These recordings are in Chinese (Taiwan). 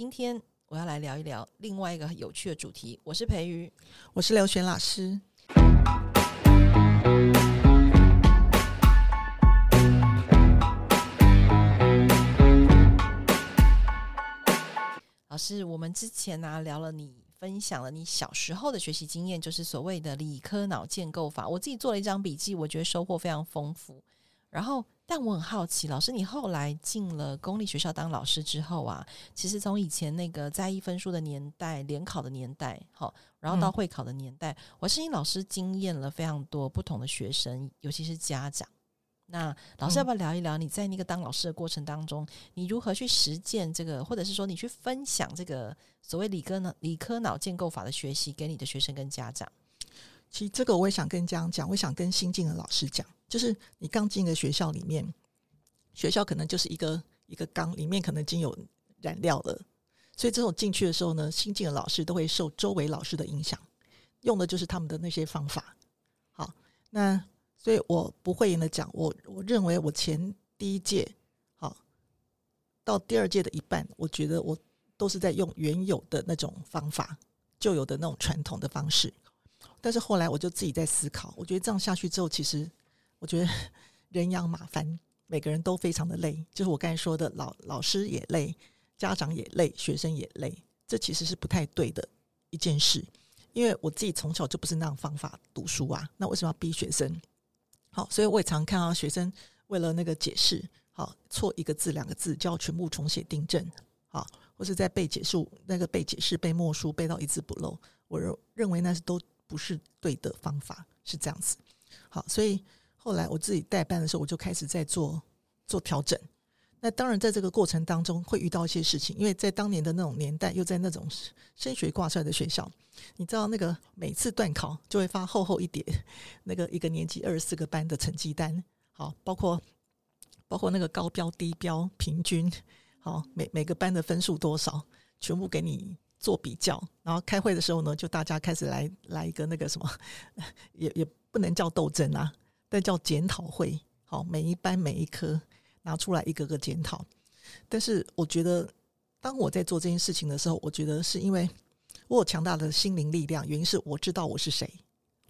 今天我要來聊一聊另外一個很有趣的主題。我是培瑜，我是劉璿老師。老師，我們之前呢、啊、聊了，你分享了你小時候的學習經驗，就是所謂的理科腦建構法。我自己做了一張筆記，我覺得收穫非常豐富。然後。但我很好奇，老師，你後來進了公立學校當老師之後啊，其實從以前那個在意分數的年代、聯考的年代，好，然後到會考的年代，嗯、我相信老師經驗了非常多不同的學生，尤其是家長。那老師、嗯、要不要聊一聊你在那個當老師的過程當中，你如何去實踐這個，或者是說你去分享這個所謂理科腦、理科腦建構法的學習給你的學生跟家長？其實這個我也想跟家長講，我想跟新進的老師講，就是你剛進一個學校裡面，學校可能就是一個一個缸，裡面可能已經有染料了，所以這種進去的時候呢，新進的老師都會受周圍老師的影響，用的就是他們的那些方法。好，那所以我不會諱言的講，我我認為我前第一屆好到第二屆的一半，我覺得我都是在用原有的那種方法，舊有的那種傳統的方式。但是後來我就自己在思考，我覺得這樣下去之後，其實我覺得人仰馬翻，每個人都非常的累。就是我剛才說的，老老師也累，家長也累，學生也累，這其實是不太對的一件事。因為我自己從小就不是那樣方法讀書啊，那為什麼要逼學生？好，所以我也常看到學生為了那個解釋，好錯一個字，兩個字就要全部重寫訂正，好，或是在背解釋、那個背解釋、背默書背到一字不漏。我認認為那是都，不是對的方法，是這樣子。好，所以後來我自己帶班的時候，我就開始在做做調整。那當然，在這個過程當中會遇到一些事情，因為在當年的那種年代，又在那種升學掛帥的學校，你知道那個每次段考就會發厚厚一疊那個一個年級二十四個班的成績單，好，包括包括那個高標、低標、平均，好，每每個班的分數多少，全部給你，做比較，然後開會的時候呢，就大家開始來來一個那個什麼，也也不能叫鬥爭啊，但叫檢討會。好，每一班每一科拿出來一個個檢討。但是我覺得，當我在做這件事情的時候，我覺得是因為我有強大的心靈力量，原因是我知道我是誰，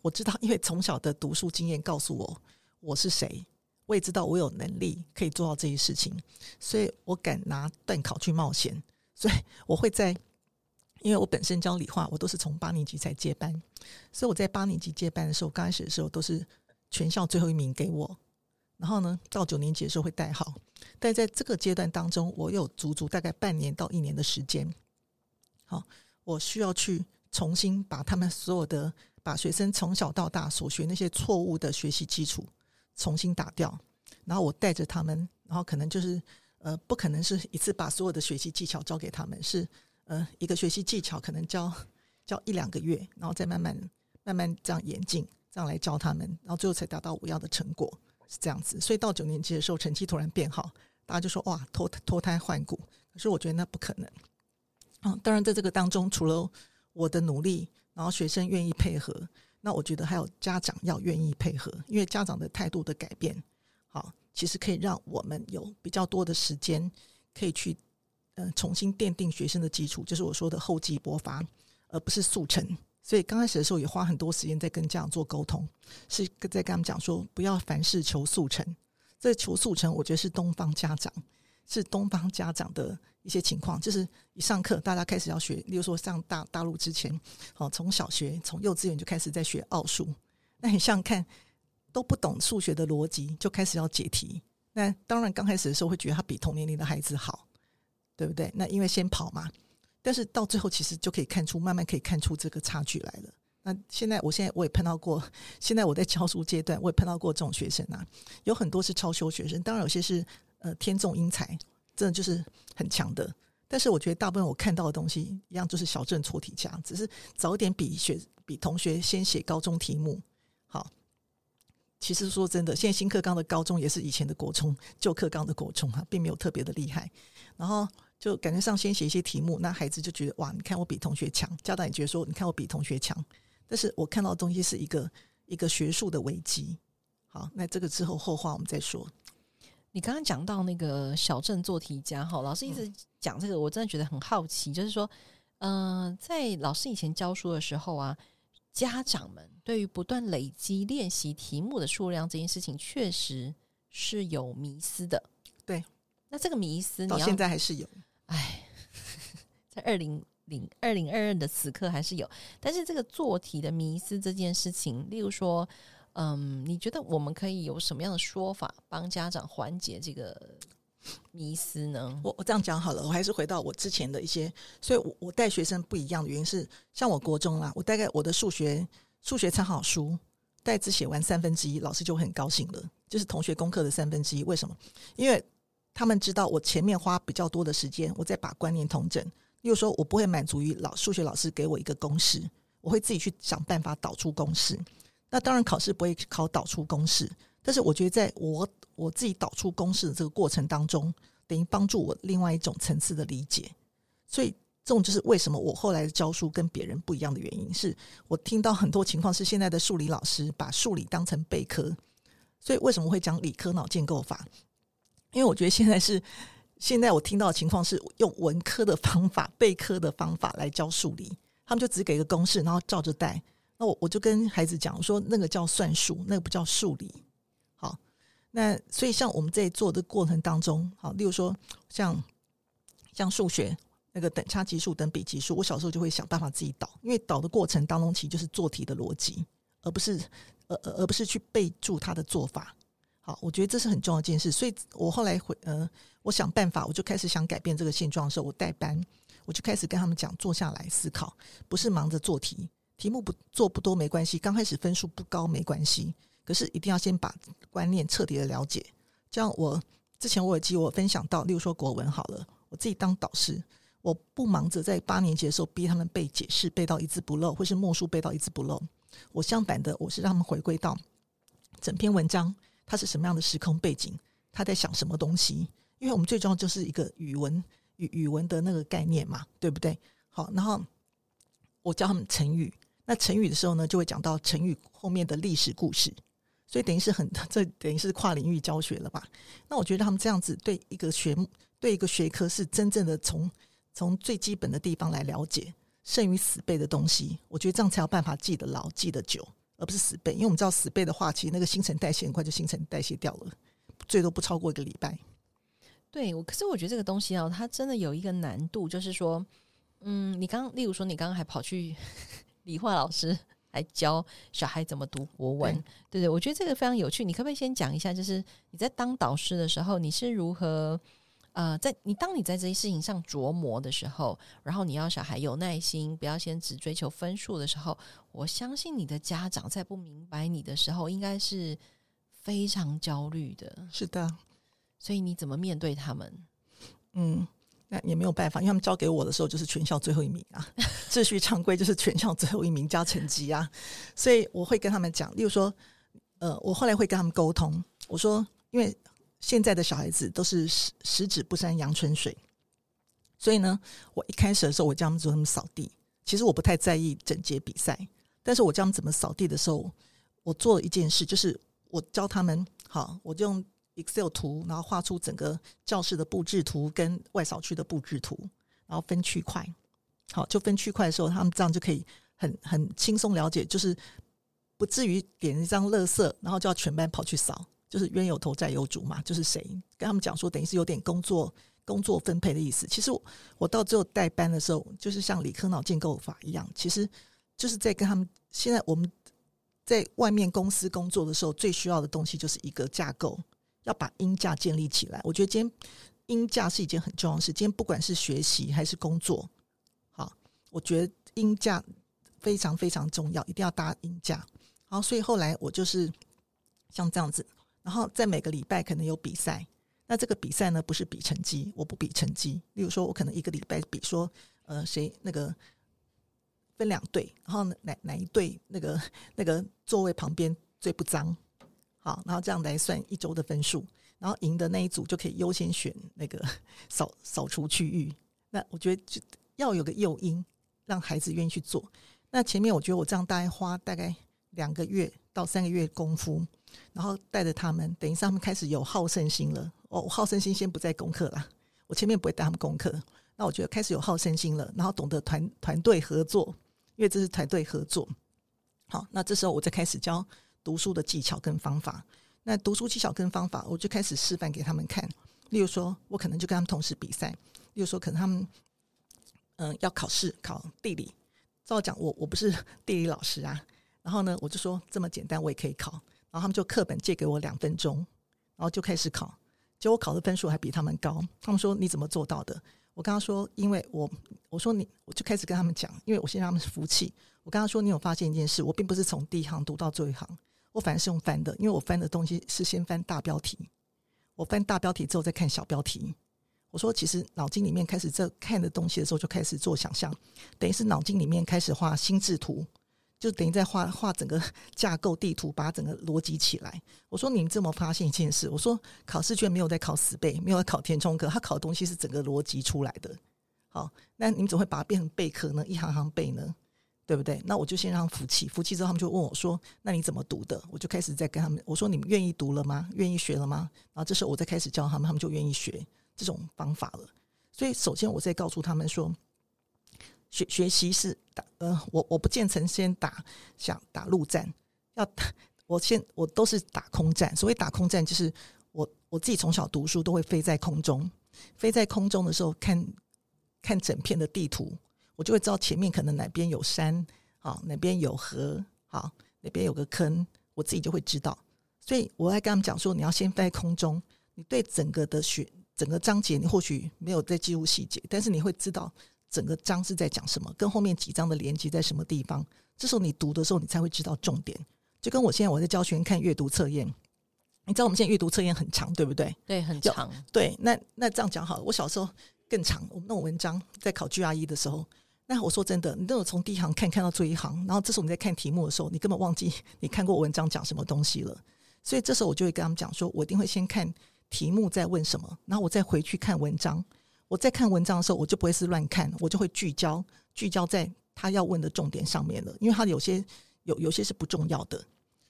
我知道，因為從小的讀書經驗告訴我我是誰，我也知道我有能力可以做到這些事情，所以我敢拿段考去冒險，所以我會在。因為我本身教理化，我都是從八年級才接班，所以我在八年級接班的時候，剛開始的時候都是全校最後一名給我。然後呢，到九年級的時候會帶好，但在這個階段當中，我有足足大概半年到一年的時間。好，我需要去重新把他們所有的、把學生從小到大所學那些錯誤的學習基礎重新打掉，然後我帶着他們，然後可能就是呃，不可能是一次把所有的學習技巧教給他們，是。呃，一個學習技巧可能教教一兩個月，然後再慢慢慢慢這樣演進，這樣來教他們，然後最後才達到我要的成果，是這樣子。所以到九年級的時候，成績突然變好，大家就說哇，脫脫胎換骨。可是我覺得那不可能。啊、哦，當然在這個當中，除了我的努力，然後學生願意配合，那我覺得還有家長要願意配合，因為家長的態度的改變，好、哦，其實可以讓我們有比較多的時間可以去。呃，重新奠定學生的基礎，就是我說的厚積薄發，而不是速成。所以剛開始的時候也花很多時間在跟家長做溝通，是跟在跟他們講說，不要凡事求速成。這求速成，我覺得是東方家長，是東方家長的一些情況，就是一上課大家開始要學，例如說上大大陸之前，哦，從小學從幼稚園就開始在學奧數，那很像看都不懂數學的邏輯就開始要解題。那當然剛開始的時候會覺得他比同年齡的孩子好。對不對？那因為先跑嘛，但是到最後其實就可以看出，慢慢可以看出這個差距來了。那現在，我現在我也碰到過，現在我在教書階段，我也碰到過這種學生啊，有很多是超修學生，當然有些是呃天縱英才，真的就是很強的。但是我覺得大部分我看到的東西一樣，就是小鎮錯題家，只是早一點比學比同學先寫高中題目。好，其實說真的，現在新課綱的高中也是以前的國中舊課綱的國中哈、啊，並沒有特別的厲害，然後。就感覺上先寫一些題目，那孩子就覺得哇，你看我比同學強；家長也覺得說，你看我比同學強。但是我看到的東西是一個一個學術的危機。好，那這個之後後話我們再說。你剛剛講到那個小鎮做題家哈，老師一直講這個，我真的覺得很好奇，就是說，嗯、呃，在老師以前教書的時候啊，家長們對於不斷累積練習題目的數量這件事情，確實是有迷思的。對，那這個迷思你，到現在還是有。唉，在二零零二零二二的此刻還是有，但是這個做題的迷思這件事情，例如說，嗯，你覺得我們可以有什麼樣的說法幫家長緩解這個迷思呢？我我這樣講好了，我還是回到我之前的一些，所以我我帶學生不一樣的原因是，像我國中啦，我大概我的數學數學參考書代字寫完三分之一，老師就很高興了，就是同學功課的三分之一。為什麼？因為。他們知道我前面花比較多的時間，我在把觀念統整。又說我不會滿足於老數學老師給我一個公式，我會自己去想辦法導出公式。那當然考試不會考導出公式，但是我覺得在我我自己導出公式的這個過程當中，等於幫助我另外一種層次的理解。所以這種就是為什麼我後來的教書跟別人不一樣的原因，是我聽到很多情況是現在的數理老師把數理當成備課，所以為什麼我會講理科腦建構法？因為我覺得現在是，現在我聽到的情況是用文科的方法、背科的方法來教數理，他們就只給個公式，然後照着代。那我我就跟孩子講我說，那個叫算術，那個不叫數理。好，那所以像我們在做的過程當中，好，例如說像像數學那個等差級數、等比級數，我小時候就會想辦法自己導，因為導的過程當中，其實就是做題的邏輯，而不是而而而不是去備註他的做法。我覺得這是很重要一件事，所以，我後來回、呃，我想辦法，我就開始想改變這個現狀的時候，我帶班，我就開始跟他們講，坐下來思考，不是忙着做題，題目不做不多沒關係，剛開始分數不高沒關係，可是一定要先把觀念徹底的了解。像我之前我有，我有記我分享到，例如說國文好了，我自己當導師，我不忙着在八年級的時候逼他們背解釋，背到一字不漏，或是默書背到一字不漏，我相反的，我是讓他們回歸到整篇文章。他是什麼樣的時空背景？他在想什麼東西？因為我們最重要就是一個語文語語文的那個概念嘛，對不對？好，然後我教他們成語，那成語的時候呢，就會講到成語後面的歷史故事，所以等於是很這等於是跨領域教學了吧？那我覺得他們這樣子對一個學對一個學科是真正的從從最基本的地方來了解勝於死背的東西，我覺得這樣才有辦法記得牢，記得久。而不是死背，因為我們知道死背的話，其實那個新陳代謝很快就新陳代謝掉了，最多不超過一個禮拜。對，我可是我覺得這個東西啊，它真的有一個難度，就是說，嗯，你剛例如說，你剛剛還跑去理 化老師來教小孩怎麼讀國文，對對，對對，我覺得這個非常有趣。你可不可以先講一下，就是你在當導師的時候，你是如何？呃，在你當你在這些事情上琢磨的時候，然後你要小孩有耐心，不要先只追求分數的時候，我相信你的家長在不明白你的時候，應該是非常焦慮的。是的，所以你怎麼面對他們？嗯，那也沒有辦法，因為他們交給我的時候就是全校最後一名啊， 秩序常規就是全校最後一名加成績啊，所以我會跟他們講，例如說，呃，我後來會跟他們溝通，我說因為。現在的小孩子都是十十指不沾陽春水，所以呢，我一開始的時候我教他們怎麼掃地。其實我不太在意整潔比賽，但是我教他們怎麼掃地的時候，我做了一件事，就是我教他們，好，我就用 Excel 圖，然後畫出整個教室的佈置圖跟外掃區的佈置圖，然後分區塊，好，就分區塊的時候，他們這樣就可以很很輕鬆了解，就是不至於點一張垃圾，然後叫全班跑去掃。就是冤有頭債有主嘛，就是誰跟他們講說，等於是有點工作工作分配的意思。其實我，我到最後帶班的時候，就是像理科腦建構法一樣，其實就是在跟他們。現在我們在外面公司工作的時候，最需要的東西就是一個架構，要把鷹架建立起來。我覺得今天鷹架是一件很重要的事。今天不管是學習還是工作，好，我覺得鷹架非常非常重要，一定要搭鷹架。好，所以後來我就是像這樣子。然後在每個禮拜可能有比賽，那這個比賽呢，不是比成績，我不比成績。例如說，我可能一個禮拜比說，呃，誰那個分兩隊，然後哪哪一隊那個那個座位旁邊最不髒，好，然後這樣來算一周的分數，然後贏的那一組就可以優先選那個掃掃，掃除區域。那我覺得就要有個誘因，讓孩子願意去做。那前面我覺得我這樣大概花大概兩個月到三個月功夫。然後帶着他們，等於是他們開始有好勝心了。哦，我好勝心先不在功課啦，我前面不會帶他們功課。那我覺得開始有好勝心了，然後懂得團團隊合作，因為這是團隊合作。好，那這時候我再開始教讀書的技巧跟方法。那讀書技巧跟方法，我就開始示範給他們看。例如說，我可能就跟他們同時比賽。例如說，可能他們嗯、呃、要考試考地理，照講我我不是地理老師啊。然後呢，我就說這麼簡單，我也可以考。然後他們就課本借給我兩分鐘，然後就開始考，結果我考的分數還比他們高。他們說你怎麼做到的？我跟他說，因為我我說你我就開始跟他們講，因為我先讓他們服氣。我跟他說，你有發現一件事，我並不是從第一行讀到最後一行，我反而是用翻的，因為我翻的東西是先翻大標題，我翻大標題之後再看小標題。我說，其實腦筋裡面開始這看的東西的時候，就開始做想象，等於是腦筋裡面開始畫心智圖。就等於在畫畫整個架構地圖，把整個邏輯起來。我說，你們這麼發現一件事，我說考試卷沒有在考死背，沒有在考填充課，他考的東西是整個邏輯出來的。好，那你們怎麼會把它變成背科呢？一行行背呢？對不對？那我就先讓他服氣，服氣之後他們就問我說：“那你怎麼讀的？”我就開始在跟他們我說：“你們願意讀了嗎？願意學了嗎？”然後這時候我再開始教他們，他們就願意學這種方法了。所以，首先我在告訴他們說。學學習是打呃，我我不建成，先打想打陸戰，要打我先我都是打空戰。所謂打空戰，就是我我自己從小讀書都會飛在空中，飛在空中的時候看，看整片的地圖，我就會知道前面可能哪邊有山，好、哦、哪邊有河，好、哦、哪邊有個坑，我自己就會知道。所以，我在跟他們講說，你要先飛在空中，你對整個的學整個章節，你或許沒有在記錄細節，但是你會知道。整個章是在講什麼，跟後面幾章的連接在什麼地方？這時候你讀的時候，你才會知道重點。就跟我現在我在教學員看閱讀測驗，你知道我們現在閱讀測驗很長，對不對？對，很長。對，那那這樣講好了。我小時候更長，我們那種文章在考 GRE 的時候，那我說真的，你那種從第一行看看到最後一行，然後這時候你在看題目的時候，你根本忘記你看過文章講什麼東西了。所以這時候我就會跟他們講說，說我一定會先看題目再問什麼，然後我再回去看文章。我在看文章的時候，我就不會是亂看，我就會聚焦，聚焦在他要問的重點上面了。因為他有些有有些是不重要的，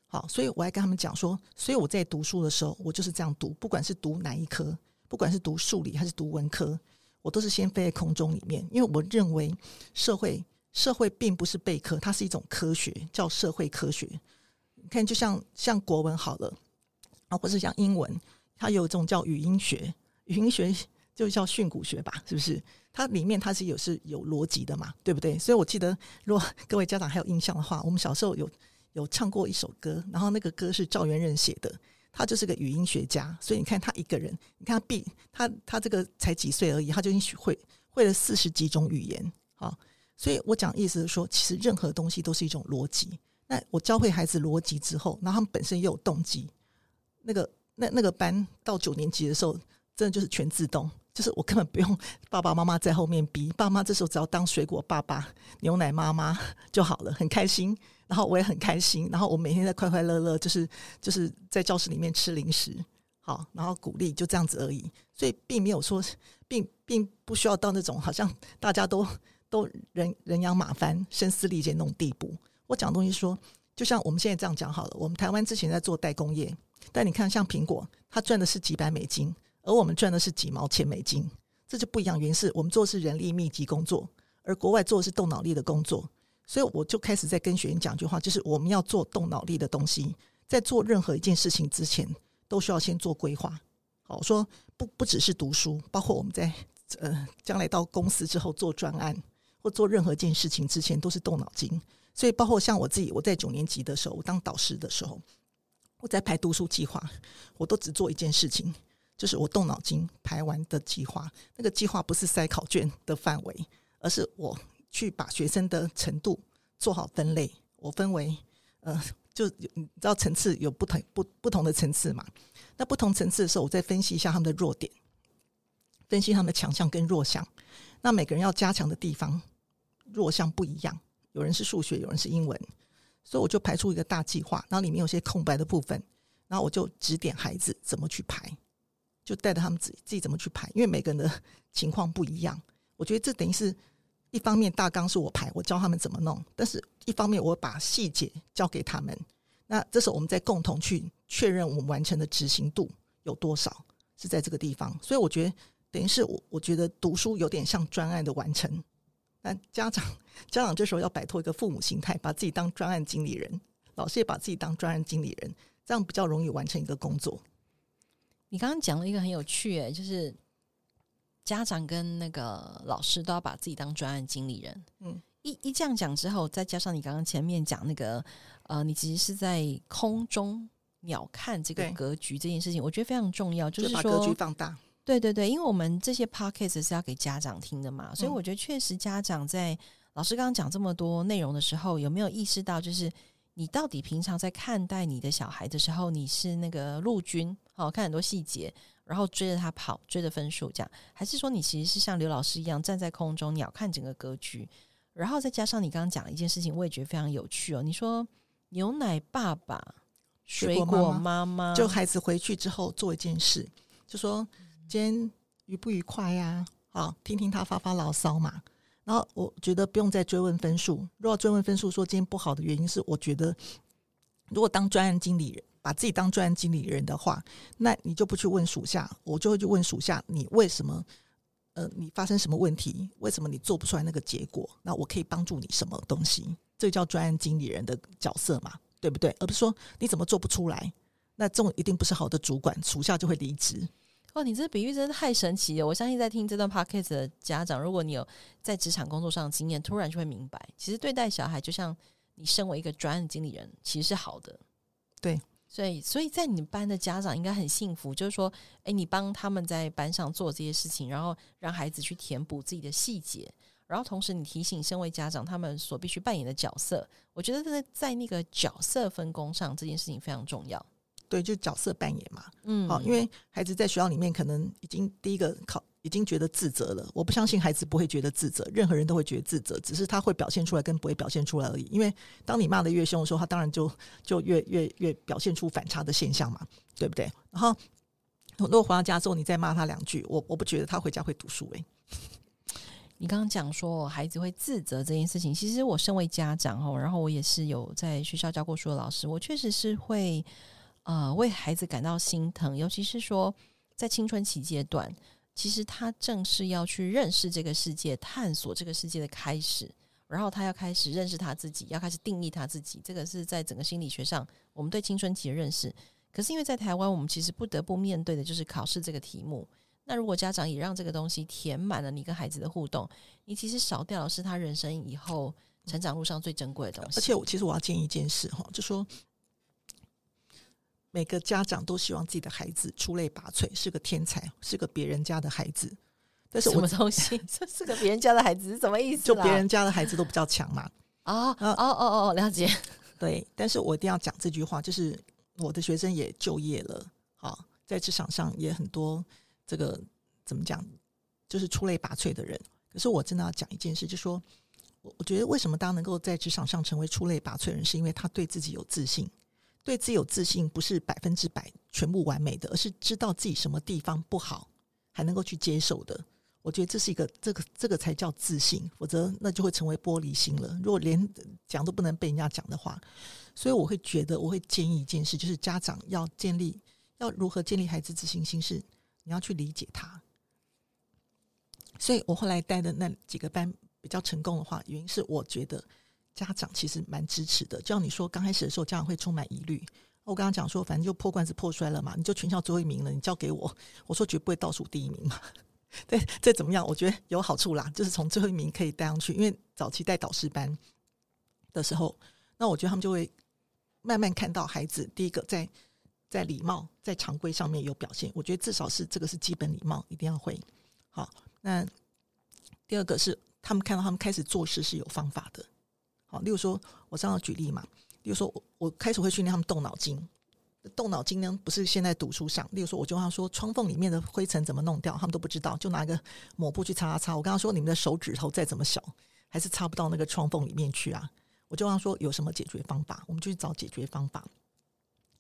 好，所以我還跟他們講說，所以我在讀書的時候，我就是這樣讀，不管是讀哪一科，不管是讀數理還是讀文科，我都是先飛在空中裡面，因為我認為社會社會並不是背科，它是一種科學，叫社會科學。你看，就像像國文好了，而或是講英文，它有一種叫語音學，語音學。就叫訓诂學吧，是不是？它裡面它是有是有邏輯的嘛，對不對？所以我記得，如果各位家長還有印象的話，我們小時候有有唱過一首歌，然後那個歌是趙元任寫的，他就是個語音學家。所以你看他一個人，你看他 B，他他,他這個才幾歲而已，他就已經學會會了四十幾種語言啊！所以我講的意思是說，其實任何東西都是一種邏輯。那我教會孩子邏輯之後，然後他們本身又有動機，那個那那個班到九年級的時候，真的就是全自動。就是我根本不用爸爸媽媽在後面逼，爸媽這時候只要當水果爸爸、牛奶媽媽就好了，很開心。然後我也很開心，然後我每天在快快樂樂，就是就是在教室裡面吃零食，好，然後鼓勵就這樣子而已。所以並沒有說，并並不需要到那種好像大家都都人人仰馬翻、聲嘶力竭那種地步。我講的東西說，就像我們現在這樣講好了，我們台灣之前在做代工業，但你看像蘋果，它賺的是幾百美金。而我們賺的是幾毛錢美金，這就不一樣。原因是，我們做的是人力密集工作，而國外做的是動腦力的工作。所以我就開始在跟學員講一句話，就是我們要做動腦力的東西，在做任何一件事情之前，都需要先做規劃。好，說不，不只是讀書，包括我們在呃將來到公司之後做專案或做任何一件事情之前，都是動腦筋。所以包括像我自己，我在九年級的時候，我當導師的時候，我在排讀書計劃，我都只做一件事情。就是我動腦筋排完的計劃，那個計劃不是篩考卷的範圍，而是我去把學生的程度做好分類。我分為，呃，就你知道層次有不同，不，不同的層次嘛。那不同層次的時候，我再分析一下他們的弱點，分析他們的強項跟弱項。那每個人要加強的地方，弱項不一樣，有人是數學，有人是英文，所以我就排出一個大計劃，然後裡面有些空白的部分，然後我就指點孩子怎麼去排，就帶着他們自己自己怎麼去排，因為每個人的情況不一樣。我覺得這等於是，一方面大綱是我排，我教他們怎麼弄，但是一方面我把細節交給他們。那這時候我們再共同去確認我們完成的執行度有多少是在這個地方。所以我覺得等於是我我覺得讀書有點像專案的完成。那家長家長這時候要擺脫一個父母心態，把自己當專案經理人，老師也把自己當專案經理人，這樣比較容易完成一個工作。你剛剛講了一個很有趣，欸，誒，就是家長跟那個老師都要把自己當專案經理人。嗯，一一這樣講之後，再加上你剛剛前面講那個，呃，你其實是在空中鳥瞰這個格局這件事情，對我覺得非常重要。就是說就把格局放大。對對對，因為我們這些 podcast 是要給家長聽的嘛，所以我覺得確實家長在、嗯、老師剛剛講這麼多內容的時候，有沒有意識到，就是你到底平常在看待你的小孩的時候，你是那個陸軍？好看很多細節，然後追着他跑，追着分數這樣，還是說你其實是像劉老師一樣站在空中鳥瞰整個格局，然後再加上你剛剛講了一件事情，我也覺得非常有趣哦。你說牛奶爸爸、水果媽媽，媽水果媽媽，就孩子回去之後做一件事，就說今天愉不愉快呀？啊，好，聽聽他發發牢騷嘛。然後我覺得不用再追問分數，如果追問分數，說今天不好的原因是，我覺得如果當專案經理人。把自己當專案經理人的話，那你就不去問屬下，我就會去問屬下：你為什麼？呃，你發生什麼問題？為什麼你做不出來那個結果？那我可以幫助你什麼東西？這叫專案經理人的角色嘛？對不對？而不是說你怎麼做不出來，那這種一定不是好的主管，屬下就會離職。哦，你這比喻真的太神奇了！我相信在聽這段 Podcast 的家長，如果你有在職場工作上的經驗，突然就會明白，其實對待小孩就像你身為一個專案經理人，其實是好的，對。所以，所以在你們班的家長應該很幸福，就是說，哎，你幫他們在班上做這些事情，然後讓孩子去填補自己的細節，然後同時你提醒身為家長他們所必須扮演的角色，我覺得在在那個角色分工上這件事情非常重要。對，就角色扮演嘛，嗯，好，哦，因為孩子在學校裡面可能已經第一個考。已經覺得自責了，我不相信孩子不會覺得自責，任何人都會覺得自責，只是他會表現出來跟不會表現出來而已。因為當你罵得越凶的時候，他當然就就越越越表現出反差的現象嘛，對不對？然後如果回到家之後你再罵他兩句，我我不覺得他回家會讀書誒、欸。你剛剛講說孩子會自責這件事情，其實我身為家長哦，然後我也是有在學校教過書的老師，我確實是會、呃、為孩子感到心疼，尤其是說在青春期階段。其實他正是要去認識這個世界、探索這個世界的開始，然後他要開始認識他自己，要開始定義他自己。這個是在整個心理學上我們對青春期的認識。可是因為在台灣，我們其實不得不面對的就是考試這個題目。那如果家長也讓這個東西填滿了你跟孩子的互動，你其實少掉了，是他人生以後成長路上最珍貴的東西。而且我其實我要建議一件事哈，就說。每個家長都希望自己的孩子出類拔萃，是個天才，是個別人家的孩子。但是我什麼東西？這 是個別人家的孩子是什麼意思？就別人家的孩子都比較強嘛？啊、oh, 那，哦哦哦，了解。對，但是我一定要講這句話，就是我的學生也就業了，啊，在職場上也很多這個怎麼講，就是出類拔萃的人。可是我真的要講一件事，就是、說我我覺得為什麼大家能夠在職場上成為出類拔萃人，是因為他對自己有自信。對自己有自信，不是百分之百全部完美的，而是知道自己什麼地方不好，還能夠去接受的。我覺得這是一個，這個這個才叫自信，否則那就會成為玻璃心了。如果連講都不能被人家講的話，所以我會覺得，我會建議一件事，就是家長要建立，要如何建立孩子自信心事，是你要去理解他。所以我後來帶的那幾個班比較成功的話，原因是我覺得。家長其實蠻支持的，就像你說，剛開始的時候家長會充滿疑慮。我剛剛講說，反正就破罐子破摔了嘛，你就全校最後一名了，你交給我，我說絕不會倒數第一名嘛。對，再怎麼樣？我覺得有好處啦，就是從最後一名可以帶上去，因為早期帶導師班的時候，那我覺得他們就會慢慢看到孩子，第一個在在禮貌、在常規上面有表現，我覺得至少是這個是基本禮貌一定要會。好，那第二個是他們看到他們開始做事是有方法的。好，例如說，我這樣舉例嘛。例如說我，我我開始會訓練他們動腦筋。動腦筋呢，不是現在讀書上。例如說，我就讓他說窗縫裡面的灰塵怎麼弄掉，他們都不知道，就拿一個抹布去擦擦擦。我剛剛說，你們的手指頭再怎麼小，還是擦不到那個窗縫裡面去啊。我就讓他說有什麼解決方法，我們就去找解決方法，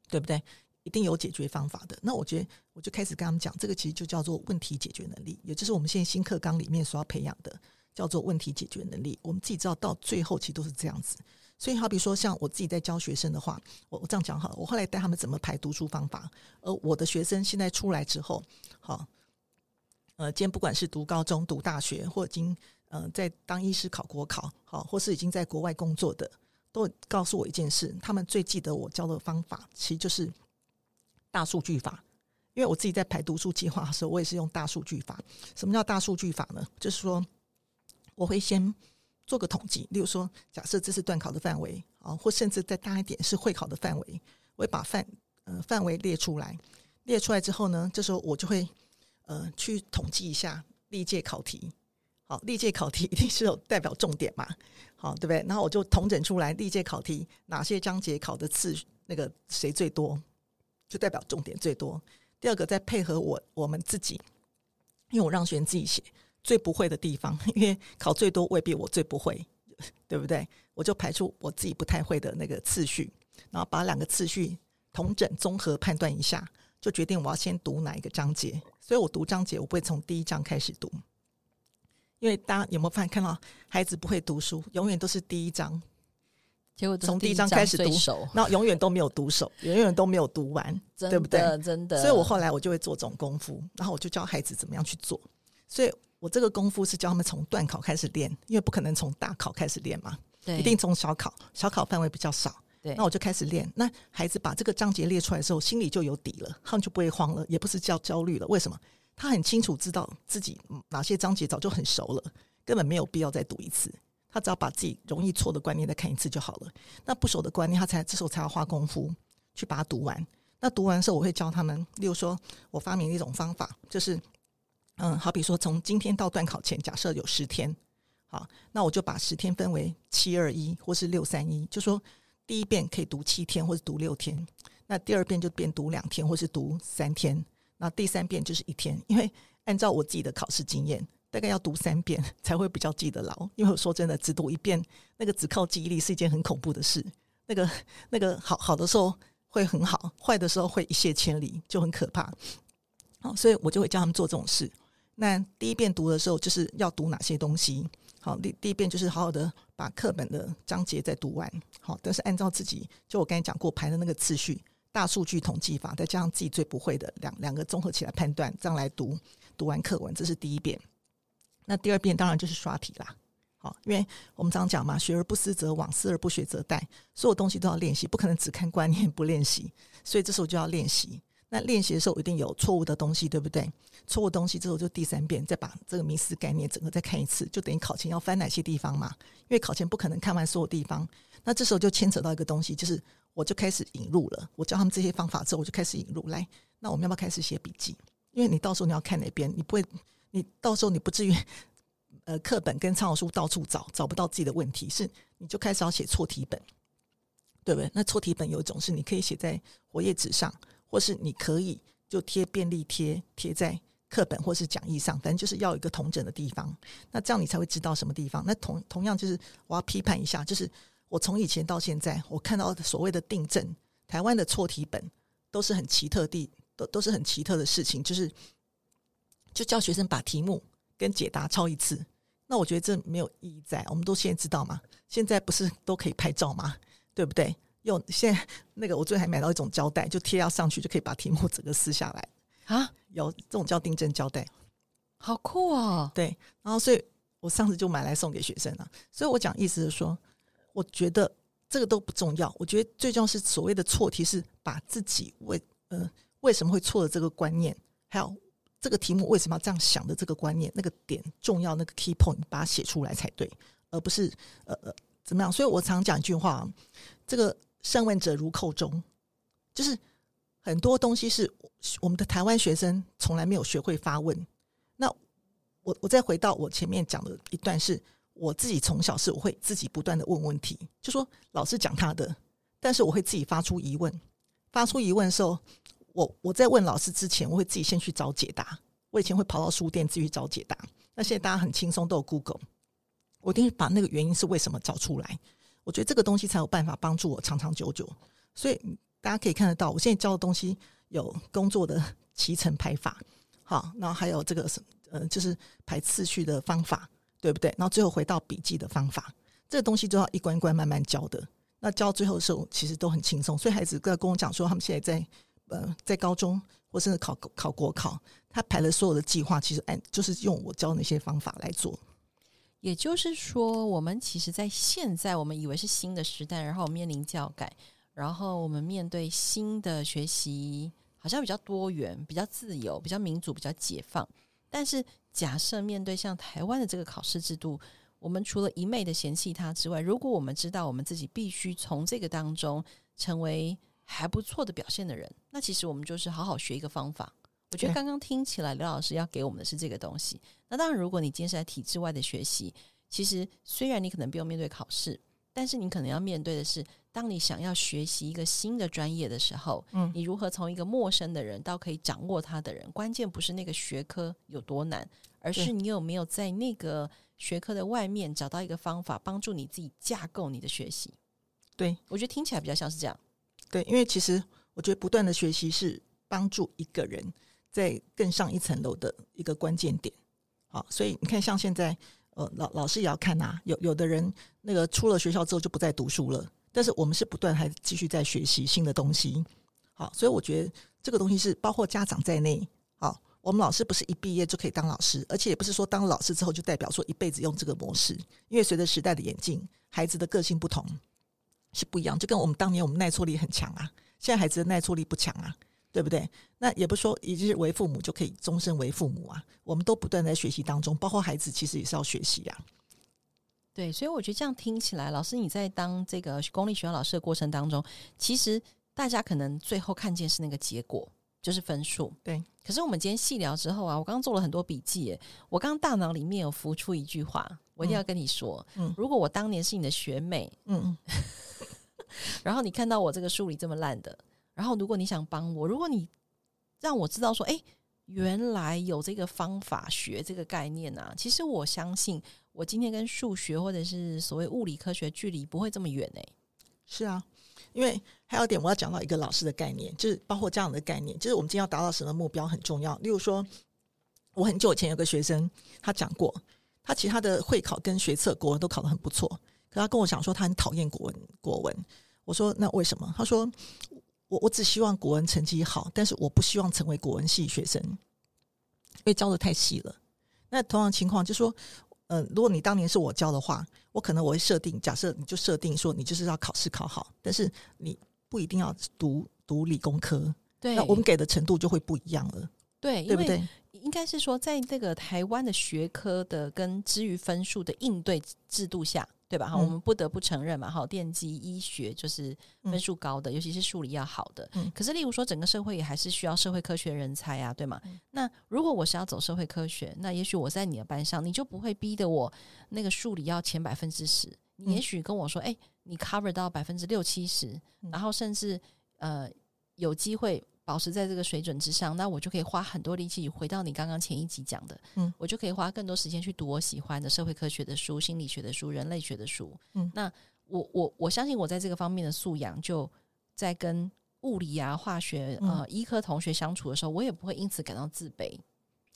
對不對？一定有解決方法的。那我覺得，我就開始跟他們講，這個其實就叫做問題解決能力，也就是我們現在新課綱裡面所要培養的。叫做問題解決能力，我們自己知道到最後其實都是這樣子，所以好比說像我自己在教學生的話，我我這樣講好了，我後來帶他們怎麼排讀書方法，而我的學生現在出來之後，好、哦，呃，今天不管是讀高中、讀大學，或已經呃，在當醫師考國考，好、哦，或是已經在國外工作的，都告訴我一件事，他們最記得我教的方法，其實就是大數據法，因為我自己在排讀書計劃的時候，我也是用大數據法。什麼叫大數據法呢？就是說。我會先做個統計，例如說，假設這是段考的範圍啊，或甚至再大一點是會考的範圍，我會把範呃範圍列出來。列出來之後呢，這時候我就會呃去統計一下歷屆考題。好，歷屆考題一定是有代表重點嘛，好對不對？然後我就統整出來歷屆考題哪些章節考的次那個誰最多，就代表重點最多。第二個再配合我我們自己，因為我讓學生自己寫。最不會的地方，因為考最多未必我最不會，對不對？我就排出我自己不太會的那個次序，然後把兩個次序同整綜合判斷一下，就決定我要先讀哪一個章節。所以我讀章節，我不會從第一章開始讀，因為大家有沒有發現，看到孩子不會讀書，永遠都是第一章，結果從第，第一章開始讀，那熟永遠都沒有讀熟， 永遠都沒有讀完，的對不對？真的，所以我後來我就會做這種功夫，然後我就教孩子怎麼樣去做，所以。我這個功夫是教他們從段考開始練，因為不可能從大考開始練嘛，對一定從小考，小考範圍比較少。對，那我就開始練。那孩子把這個章節列出來的時候，心裡就有底了，他們就不會慌了，也不是叫焦焦慮了。為什麼？他很清楚知道自己哪些章節早就很熟了，根本沒有必要再讀一次。他只要把自己容易錯的觀念再看一次就好了。那不熟的觀念，他才這時候才要花功夫去把它讀完。那讀完的時候，我會教他們，例如說我發明一種方法，就是。嗯，好比說，從今天到段考前，假設有十天，好，那我就把十天分為七二一，或是六三一，就說第一遍可以讀七天，或是讀六天，那第二遍就變讀兩天，或是讀三天，那第三遍就是一天。因為按照我自己的考試經驗，大概要讀三遍才會比較記得牢。因為我說真的，只讀一遍，那個只靠記憶力是一件很恐怖的事。那個那個好好的時候會很好，壞的時候會一瀉千里，就很可怕。好，所以我就會教他們做這種事。那第一遍讀的時候，就是要讀哪些東西？好，第第一遍就是好好的把課本的章節再讀完，好，但是按照自己就我剛才講過排的那個次序，大數據統計法，再加上自己最不會的兩兩個綜合起來判斷，這樣來讀，讀完課文，這是第一遍。那第二遍當然就是刷題啦，好，因為我們常講嘛，學而不思則罔，思而不學則殆，所有東西都要練習，不可能只看觀念不練習，所以這時候就要練習。那練習的時候一定有錯誤的東西，對不對？錯誤東西之後就第三遍，再把這個迷思概念整個再看一次，就等於考前要翻哪些地方嘛？因為考前不可能看完所有地方。那這時候就牽扯到一個東西，就是我就開始引入了，我教他們這些方法之後，我就開始引入。來，那我們要不要開始寫筆記？因為你到時候你要看哪邊，你不會，你到時候你不至於，呃，課本跟參考書到處找找不到自己的問題，是你就開始要寫錯題本，對不對？那錯題本有一種是你可以寫在活頁紙上。或是你可以就貼便利貼貼在課本或是講義上，反正就是要一個統整的地方，那這樣你才會知道什麼地方。那同同樣就是我要批判一下，就是我從以前到現在，我看到的所謂的訂正台灣的錯題本，都是很奇特的，都都是很奇特的事情，就是就叫學生把題目跟解答抄一次，那我覺得這沒有意義在。我們都現在知道嘛，現在不是都可以拍照嗎？對不對？有，現在那個我最近還買到一種膠帶，就貼要上去就可以把題目整個撕下來啊！有這種叫訂正膠帶，好酷哦。對，然後所以我上次就買來送給學生了。所以我講意思是說，我覺得這個都不重要，我覺得最重要是所謂的錯題是把自己為呃為什麼會錯的這個觀念，還有這個題目為什麼要這樣想的這個觀念，那個點重要的那個 key point 把它寫出來才對，而不是呃呃怎麼樣？所以我常講一句話啊，這個。善問者如扣鐘。就是很多東西是我們的台灣學生從來沒有學會發問。那我我再回到我前面講的一段是，是我自己從小是我會自己不斷的問問題，就說老師講他的，但是我會自己發出疑問。發出疑問的時候，我我在問老師之前，我會自己先去找解答。我以前會跑到書店自己去找解答，那現在大家很輕鬆都有 Google，我一定把那個原因是為什麼找出來。我覺得這個東西才有辦法幫助我長長久久，所以大家可以看得到，我現在教的東西有工作的期程排法，好，然後還有這個什麼，呃，就是排次序的方法，對不對？然後最後回到筆記的方法，這個東西都要一關一關慢慢教的。那教最後的時候，其實都很輕鬆。所以孩子在跟我講說，他們現在在呃在高中，或是考考國考，他排了所有的計劃，其實按就是用我教的那些方法來做。也就是說，我們其實，在現在我們以為是新的時代，然後面臨教改，然後我們面對新的學習，好像比較多元、比較自由、比較民主、比較解放。但是，假設面對像台灣的這個考試制度，我們除了一昧的嫌棄它之外，如果我們知道我們自己必須從這個當中成為還不錯的表現的人，那其實我們就是好好學一個方法。我覺得剛剛聽起來，劉老師要給我們的是這個東西。那當然，如果你今天是在體制外的學習，其實雖然你可能不用面對考試，但是你可能要面對的是，當你想要學習一個新的專業的時候，嗯，你如何從一個陌生的人到可以掌握他的人？關鍵不是那個學科有多難，而是你有沒有在那個學科的外面找到一個方法，幫助你自己架構你的學習。對，我覺得聽起來比較像是這樣。對，因為其實我覺得不斷的學習是幫助一個人在更上一層樓的一個關鍵點，好，所以你看，像現在，呃，老老師也要看啊。有有的人那個出了學校之後就不再讀書了，但是我們是不斷還繼續在學習新的東西，好，所以我覺得這個東西是包括家長在內，好，我們老師不是一畢業就可以當老師，而且也不是說當老師之後就代表說一輩子用這個模式，因為隨着時代的演進，孩子的個性不同是不一樣，就跟我們當年我們耐挫力很強啊，現在孩子的耐挫力不強啊。對不對？那也不說一日為父母就可以終身為父母啊！我們都不斷在學習當中，包括孩子其實也是要學習呀、啊。對，所以我覺得這樣聽起來，老師你在當這個公立學校老師的過程當中，其實大家可能最後看見是那個結果，就是分數。對。可是我們今天細聊之後啊，我剛做了很多筆記，我剛大腦裡面有浮出一句話，我一定要跟你說：，嗯，嗯，如果我當年是你的學妹，嗯， 然後你看到我這個數理這麼爛的。然後，如果你想幫我，如果你讓我知道說，哎，原來有這個方法學這個概念啊，其實我相信我今天跟數學或者是所謂物理科學距離不會這麼遠呢、欸。是啊，因為還有點我要講到一個老師的概念，就是包括這樣的概念，就是我們今天要達到什麼目標很重要。例如說，我很久以前有個學生，他講過，他其實他的會考跟學測國文都考得很不錯，可他跟我講說他很討厭國文，國文。我說那為什麼？他說，我我只希望國文成績好，但是我不希望成為國文系學生，因為教得太細了。那同樣情況就是說，嗯、呃，如果你當年是我教的話，我可能我會設定，假設你就設定說，你就是要考試考好，但是你不一定要讀讀理工科。對，那我們給的程度就會不一樣了。對，對不對？應該是說，在這個台灣的學科的跟之餘分數的應對制度下。對吧？哈、嗯，我們不得不承認嘛，哈，電機醫學就是分數高的，嗯、尤其是數理要好的。嗯、可是，例如說，整個社會也還是需要社會科學人才呀、啊，對嗎？嗯、那如果我是要走社會科學，那也許我在你的班上，你就不會逼得我那個數理要前百分之十。你也許跟我說，哎、嗯欸，你 cover 到百分之六七十，然後甚至呃有機會。保持在這個水準之上，那我就可以花很多力氣回到你剛剛前一集講的，嗯，我就可以花更多時間去讀我喜歡的社會科學的書、心理學的書、人類學的書。嗯，那我我我相信我在這個方面的素養，就在跟物理啊、化學、呃，醫科同學相處的時候，嗯，我也不會因此感到自卑。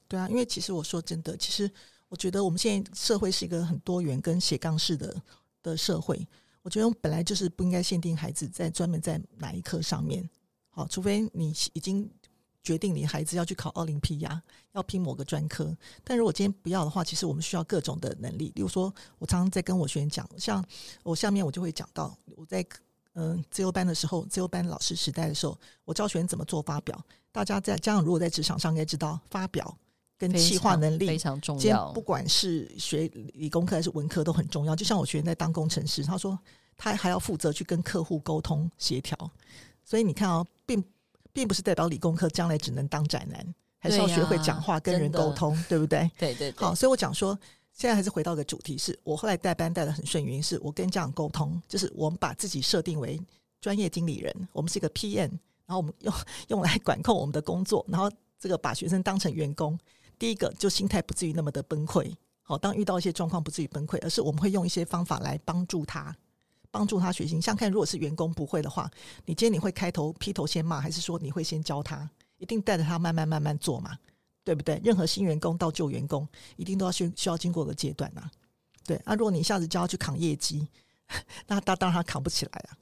對啊，因為其實我說真的，其實我覺得我們現在社會是一個很多元跟斜槓式的的社會。我覺得我本來就是不應該限定孩子在專門在哪一科上面。好，除非你已經決定你孩子要去考奧林匹亞，要拼某個專科。但如果今天不要的話，其實我們需要各種的能力。例如說，我常常在跟我學員講，像我下面我就會講到，我在嗯、呃、自由班的時候，自由班老師時代的時候，我教學員怎麼做發表。大家在家長如果在職場上應該知道，發表跟企劃能力非常，非常重要。今天不管是學理工科還是文科都很重要。就像我學員在當工程師，他說他還要負責去跟客戶溝通協調。所以你看啊、哦，並並不是代表理工科將來只能當宅男，還是要學會講話跟人溝通，對，啊、對不對？對，對對。好、哦，所以我講說，現在還是回到個主題是，是我後來帶班帶的很順是，原因是我跟家長溝通，就是我們把自己設定為專業經理人，我們是一個 PM，然後我們用用來管控我們的工作，然後這個把學生當成員工，第一個就心態不至於那麼的崩潰，好、哦，當遇到一些狀況不至於崩潰，而是我們會用一些方法來幫助他。幫助他學習，像看如果是員工不會的話，你今天你會開頭劈頭先罵，還是說你會先教他？一定帶着他慢慢慢慢做嘛，對不對？任何新員工到舊員工，一定都要需需要經過一個階段啊。對，啊，如果你一下子教他去扛業績，那他當然他扛不起來啊。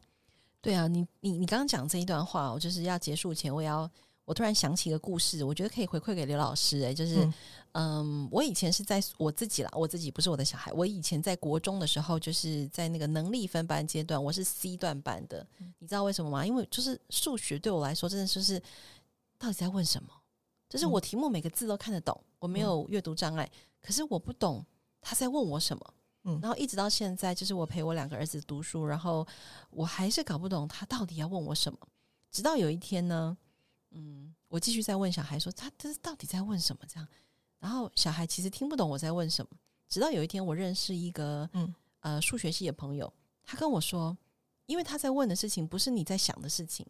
對啊，你你你剛剛講這一段話，我就是要結束前，我也要我突然想起一個故事，我覺得可以回饋給劉老師誒、欸，就是。嗯嗯，我以前是在我自己了，我自己不是我的小孩。我以前在國中的時候，就是在那個能力分班階段，我是 C 段班的。嗯、你知道為什麼嗎？因為就是數學對我來說，真的就是到底在問什麼？就是我題目每個字都看得懂，嗯、我沒有閱讀障礙，可是我不懂他在問我什麼。嗯，然後一直到現在，就是我陪我兩個兒子讀書，然後我還是搞不懂他到底要問我什麼。直到有一天呢，嗯，我繼續在問小孩說，他這是到底在問什麼？這樣。然後小孩其實聽不懂我在問什麼，直到有一天我認識一個嗯呃數學系的朋友，他跟我說，因為他在問的事情不是你在想的事情，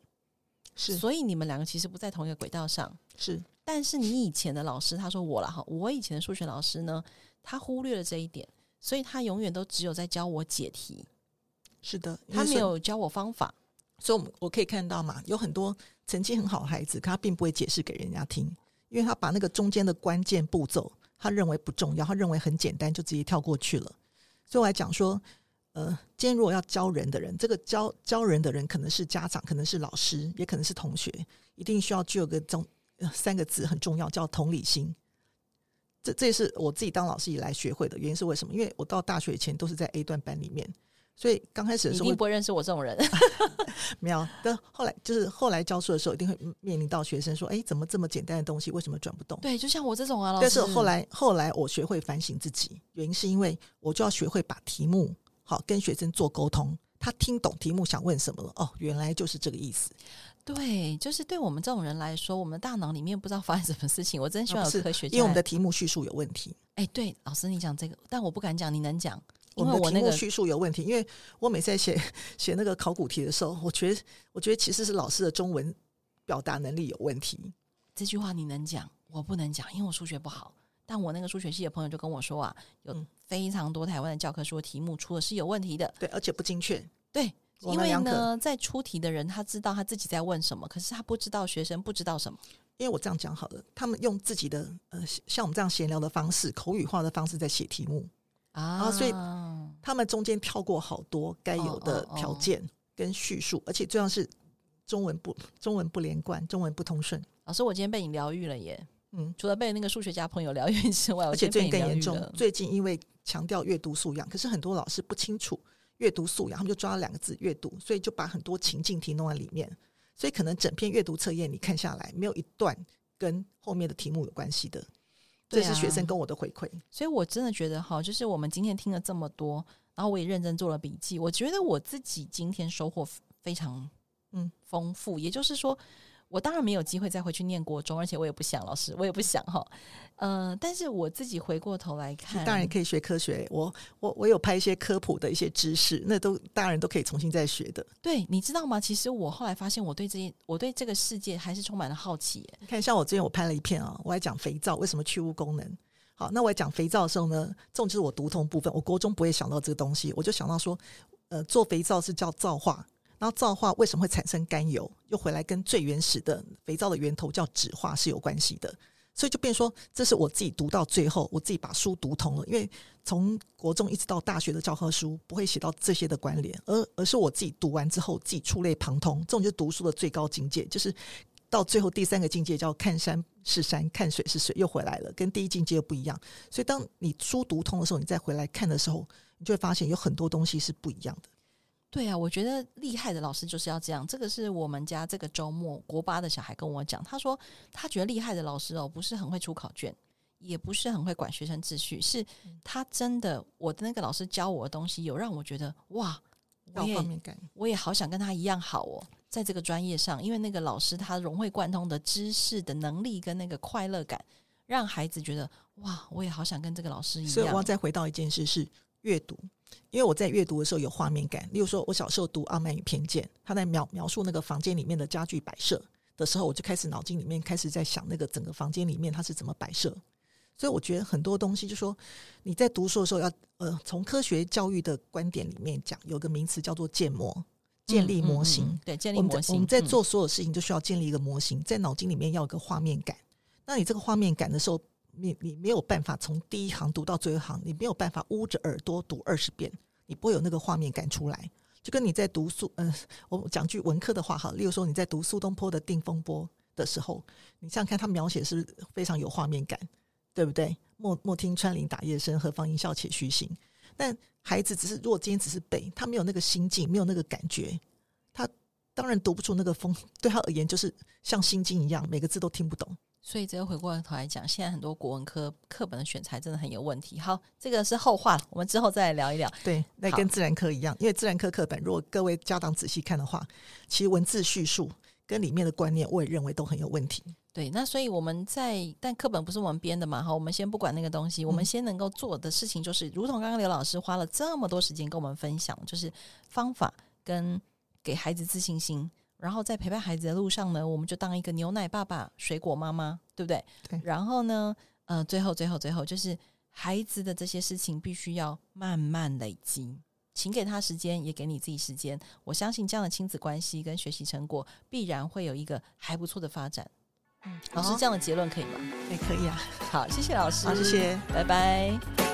是，所以你們兩個其實不在同一個軌道上。是，但是你以前的老師他說我了哈，我以前的數學老師呢，他忽略了這一點，所以他永遠都只有在教我解題，是的，他沒有教我方法，所以我可以看到嘛，有很多成績很好的孩子，他並不會解釋給人家聽。因為他把那個中間的關鍵步驟，他認為不重要，他認為很簡單，就直接跳過去了。所以我來講說，呃，今天如果要教人的人，這個教教人的人可能是家長，可能是老師，也可能是同學，一定需要具有個中三個字很重要，叫同理心。這這是我自己當老師以來學會的，原因是為什麼？因為我到大學以前都是在 A 段班裡面。所以剛開始的時候會，一定不會認識我這種人， 沒有。但後來就是後來教書的時候，一定會面臨到學生說：“哎，怎麼這麼簡單的東西，為什麼轉不動？”對，就像我這種啊。老師，但是後來，後來我學會反省自己，原因是因為我就要學會把題目好跟學生做溝通，他聽懂題目想問什麼了。哦，原來就是這個意思。對，就是對我們這種人來說，我們大腦裡面不知道發生什麼事情，我真的需要科學家、哦。因為我們的題目敘述有問題。哎，對，老師你講這個，但我不敢講，你能講？因為我那個我敘述有問題，因為我每次在寫寫那個考古題的時候，我覺得我覺得其實是老師的中文表達能力有問題。這句話你能講，我不能講，因為我數學不好。但我那個數學系的朋友就跟我說啊，有非常多台灣的教科書題目出的是有問題的，嗯、對，而且不精確。對，因為呢，在出題的人他知道他自己在問什麼，可是他不知道學生不知道什麼。因為我這樣講好了，他們用自己的呃像我們這樣閒聊的方式、口語化的方式在寫題目。啊，所以他們中間跳過好多該有的條件跟敘述，哦哦哦、而且最重要是中文不中文不連貫，中文不通順。老師，我今天被你療癒了耶！嗯，除了被那個數學家朋友療癒之外，我而且最近更嚴重，最近因為強調閱讀素養，可是很多老師不清楚閱讀素養，他們就抓了兩個字“閱讀”，所以就把很多情境題弄在裡面，所以可能整篇閱讀測驗你看下來，沒有一段跟後面的題目有關係的。這是學生跟我的回饋，啊、所以我真的覺得哈，就是我們今天聽了這麼多，然後我也認真做了筆記，我覺得我自己今天收穫非常嗯豐富，也就是說。我當然沒有機會再回去念國中，而且我也不想，老師我也不想哈。嗯、呃，但是我自己回過頭來看，當然可以學科學。我我我有拍一些科普的一些知識，那都大人都可以重新再學的。對，你知道嗎？其實我後來發現，我對這些，我對這個世界還是充滿了好奇耶。你看，像我之前我拍了一片啊、哦，我還講肥皂為什麼去污功能。好，那我來講肥皂的時候呢，這種就是我讀通部分。我國中不會想到這個東西，我就想到說，呃，做肥皂是叫皂化。然後皂化為什麼會產生甘油？又回來跟最原始的肥皂的源頭叫酯化是有關係的，所以就變成說，這是我自己讀到最後，我自己把書讀通了。因為從國中一直到大學的教科書不會寫到這些的關聯，而而是我自己讀完之後自己觸類旁通，這種就是讀書的最高境界，就是到最後第三個境界叫看山是山，看水是水，又回來了，跟第一境界又不一樣。所以當你書讀通的時候，你再回來看的時候，你就會發現有很多東西是不一樣的。對啊，我覺得厲害的老師就是要這樣。這個是我們家這個周末國八的小孩跟我講，他說他覺得厲害的老師哦，不是很會出考卷，也不是很會管學生秩序，是他真的我的那個老師教我的東西，有讓我覺得哇，各方面感，我也好想跟他一樣好哦，在這個專業上，因為那個老師他融會貫通的知識的能力跟那個快樂感，讓孩子覺得哇，我也好想跟這個老師一樣。所以我要再回到一件事是，閱讀，因為我在閱讀的時候有畫面感。例如說，我小時候讀《傲慢與偏見》，他在描描述那個房間裡面的家具擺設的時候，我就開始腦筋裡面開始在想那個整個房間裡面它是怎麼擺設。所以我覺得很多東西，就說你在讀書的時候要，呃，從科學教育的觀點裡面講，有個名詞叫做建模，嗯、建立模型、嗯嗯。對，建立模型。我們，我們在做所有事情就需要建立一個模型，嗯、在腦筋裡面要有個畫面感。那你這個畫面感的時候。你你沒有辦法從第一行讀到最後一行，你沒有辦法捂着耳朵讀二十遍，你不會有那個畫面感出來。就跟你在讀蘇，嗯、呃，我講句文科的話哈，例如說你在讀蘇東坡的《定風波》的時候，你想想看，他描寫是不是非常有畫面感，對不對？莫莫聽穿林打葉聲，何妨吟嘯且徐行。但孩子只是如果今天只是背，他沒有那個心境，沒有那個感覺，他當然讀不出那個風。對他而言，就是像心經一樣，每個字都聽不懂。所以，只要回過頭來講，現在很多國文科課本的選材真的很有問題。好，這個是後話，我們之後再來聊一聊。對，那跟自然科一樣，好因為自然科課本，如果各位家長仔細看的話，其實文字敘述跟裡面的觀念，我也認為都很有問題。對，那所以我們在，但課本不是我們編的嘛？好，我們先不管那個東西，我們先能夠做的事情就是，嗯、如同剛剛劉老師花了這麼多時間跟我們分享，就是方法跟給孩子自信心。然後在陪伴孩子的路上呢，我們就當一個牛奶爸爸、水果媽媽，對不對？對。然後呢，呃，最後、最後、最後，就是孩子的這些事情必須要慢慢累積，請給他時間，也給你自己時間。我相信這樣的親子關係跟學習成果必然會有一個還不錯的發展。嗯，老師，這樣的結論可以嗎？也、哦欸、可以啊。好，謝謝老師，好謝謝，拜拜。